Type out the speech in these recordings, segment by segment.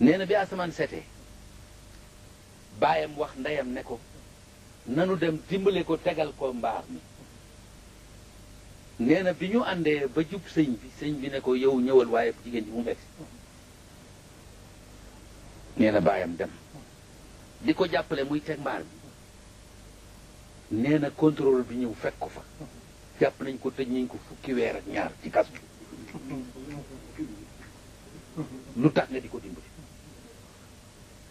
nee na bi asamaan setee baayam wax ndeyam ne ko nanu dem dimbale ko tegal ko mbaar mi nee na bi ñu àndee ba jub sëñ bi sëñ bi ne ko yow ñëwal waaye jigéen ji bu mu fekk nee na baayam dem di ko jàppale muy teg mbaar mi nee na contrôle bi ñëw fekk ko fa jàpp nañ ko tëj nañ ko fukki weer ak ñaar ci kastu lu tax nga di ko dimbali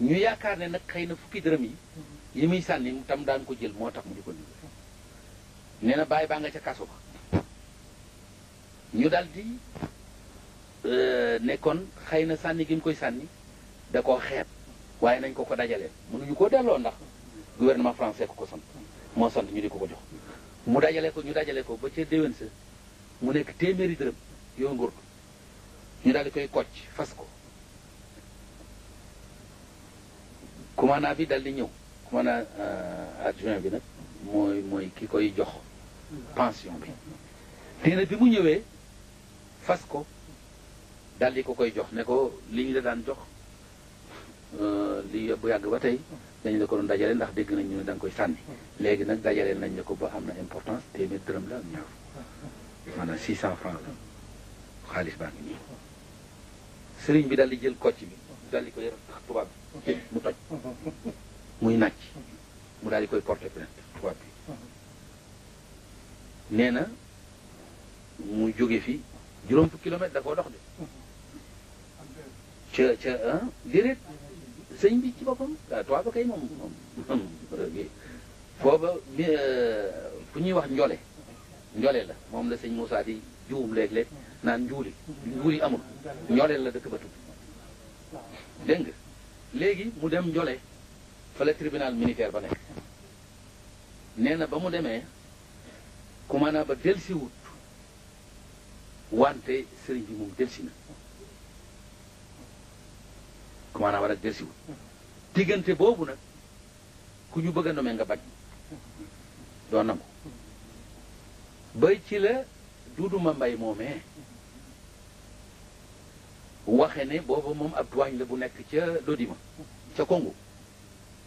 ñu yaakaar ne nag xëy na fukki dërëm yi yi muy sànni tam daan ko jël moo tax mu di ko dimbali nee na bàyyi baa nga ca kaso ba ñu daal di euh, nekkoon xëy na sànni gi mu koy sànni da ko xeeb waaye nañ ko ko dajalee mënuñu ko delloo ndax gouvernement français ku ko sant moo sant ñu di ko ko jox mu dajale ko ñu dajale ko ba ca déwén sa mu nekk téeméeri dërëm yow nguur ñu daal koy kocc fas ko commandant bi dal di ñëw commandant euh, adjoint bi nag mooy mooy ki koy jox pension bi nee bi mu ñëwee fas ko dal di ko koy jox ne ko li la daan jox euh, li bu yàgg ba tey dañu la ko dajale ndax dégg nañ ñu ne koy sànni léegi nag dajale nañ la ko ba am na importance téeméer dërëm la ak ñaar la xaalis bi dal di jël kocc bi daal di koy rax tubaab mu toj muy nàcc mu daal di koy porter plainte tubaab bi nee mu jóge fi juróom fukki kilomètre da koo dox de ca ca ah, déedéet sëñ bi ci boppam waaw ah, ba kay moom moom fooba euh, fu ñuy wax njole njole la moom la sëñ Moussa di juum léeg-léeg naan njuuli njuuli amul njole la dëkk ba tudd dégg nga léegi mu dem njole fa la tribunal militaire ba nekk nee na ba mu demee commandant ba delsi wut wante sëriñ bi moom delsi na commandant nag delsi diggante boobu nag ku ñu bëgg a nomee nga bañ doo ko bay ci la Dudu Mambay moomee waxe ne boobu moom ab duwaañ la bu nekk ca Lodima ca Congo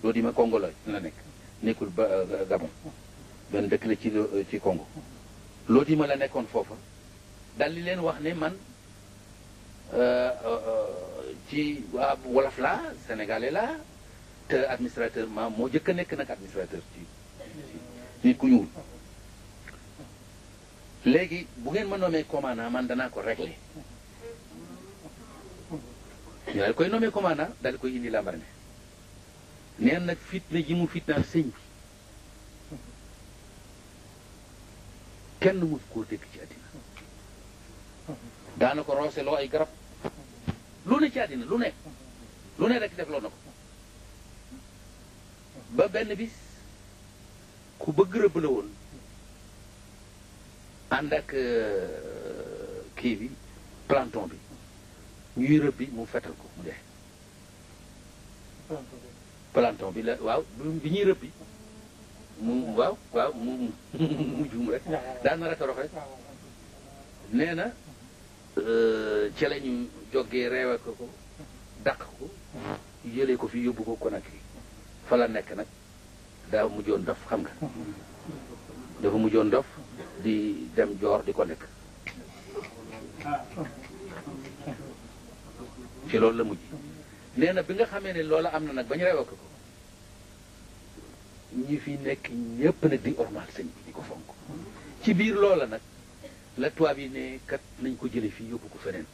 Lodima Congo la la nekk nekkul ba euh, Gabon benn dëkk la ci euh, ci Congo Lodima la nekkoon foofa dal di leen wax ne man euh, ci waa wolof laa sénégalais laa te administrateur ma moo jëkk a nekk nag administrateur ci nit ku ñuul léegi bu ngeen ma nommee commandant man danaa ko régler ñu daal koy nommé commandant daal koy indi la neen nag fitna ji mu fitnaal sëñ bi kenn mus koo dégg ci àddina daana ko rooseloo ay garab lu ne ci àddina lu ne lu ne rek defloo na ko ba benn bis ku bëgg rëbb la woon ànd ak euh, kii bi planton bi ñuy rëbbi mu fetal ko mu dee planton bi la waaw bi ñuy rëbbi mu waaw waaw mu mu juum rek daan na ratorox rek nee na euh, ci la ñu joge reewe ko ko dàq ko yëlee ko fi yóbbu ko Conakry fa la nekk nag daa mujjoon dof xam nga dafa mujjoon dof di dem joor di ko nekk ci loolu la mujj nee na bi nga xamee ne loola am na nag ba ñu rewa ko ko ñi fi nekk ñépp nag di ormal sëñ bi di ko fonk ci biir loola nag la tubaab yi ne kat nañ ko jële fii yóbbu ko feneen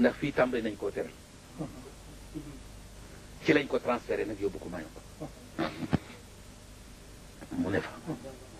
ndax fii tàmbali nañ koo teral ci lañ ko transféré nag yóbbu ko Mayumba mu ne fa